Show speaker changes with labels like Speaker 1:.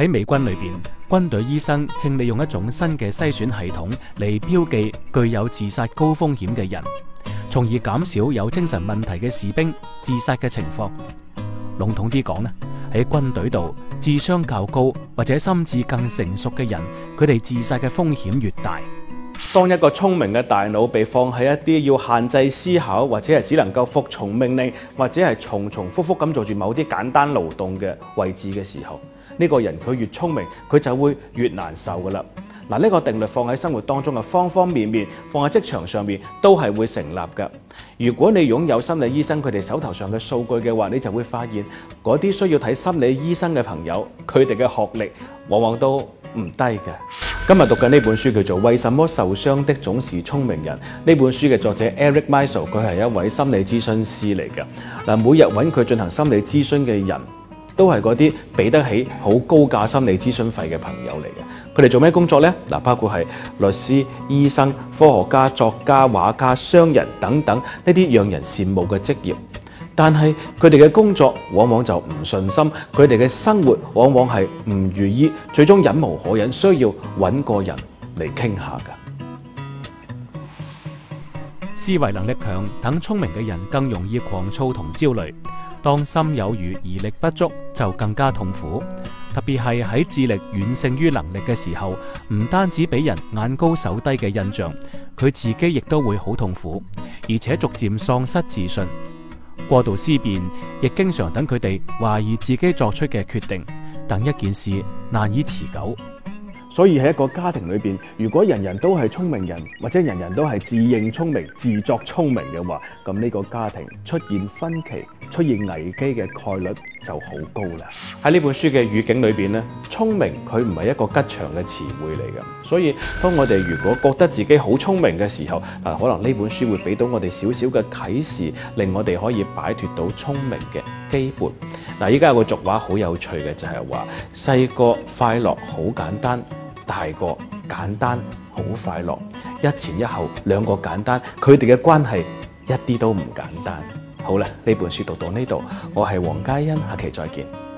Speaker 1: 喺美軍裏邊，軍隊醫生正利用一種新嘅篩選系統嚟標記具有自殺高風險嘅人，從而減少有精神問題嘅士兵自殺嘅情況。籠統啲講咧，喺軍隊度智商較高或者心智更成熟嘅人，佢哋自殺嘅風險越大。當一個聰明嘅大腦被放喺一啲要限制思考或者係只能夠服從命令或者係重重複複咁做住某啲簡單勞動嘅位置嘅時候。呢個人佢越聰明，佢就會越難受噶啦。嗱，呢個定律放喺生活當中嘅方方面面，放喺職場上面都係會成立噶。如果你擁有心理醫生佢哋手頭上嘅數據嘅話，你就會發現嗰啲需要睇心理醫生嘅朋友，佢哋嘅學歷往往都唔低嘅。今日讀緊呢本書叫做《為什麼受傷的總是聰明人》呢本書嘅作者 Eric Maisel 佢係一位心理諮詢師嚟嘅。嗱，每日揾佢進行心理諮詢嘅人。都係嗰啲俾得起好高價心理諮詢費嘅朋友嚟嘅，佢哋做咩工作呢？嗱，包括係律師、醫生、科學家、作家、畫家、商人等等呢啲讓人羨慕嘅職業，但係佢哋嘅工作往往就唔順心，佢哋嘅生活往往係唔如意，最終忍無可忍，需要揾個人嚟傾下噶。思維能力強、等聰明嘅人，更容易狂躁同焦慮。當心有餘而力不足，就更加痛苦。特別係喺智力遠勝於能力嘅時候，唔單止俾人眼高手低嘅印象，佢自己亦都會好痛苦，而且逐漸喪失自信。過度思辨，亦經常等佢哋懷疑自己作出嘅決定，等一件事難以持久。所以喺一個家庭裏邊，如果人人都係聰明人，或者人人都係自認聰明、自作聰明嘅話，咁呢個家庭出現分歧、出現危機嘅概率就好高啦。喺呢本書嘅語境裏邊呢，聰明佢唔係一個吉祥嘅詞彙嚟噶。所以當我哋如果覺得自己好聰明嘅時候，可能呢本書會俾到我哋少少嘅啓示，令我哋可以擺脫到聰明嘅羈絆。嗱，依家有個俗話好有趣嘅就係話，細個快樂好簡單。大個簡單好快樂，一前一後兩個簡單，佢哋嘅關係一啲都唔簡單。好啦，呢本書讀到呢度，我係黃嘉欣，下期再見。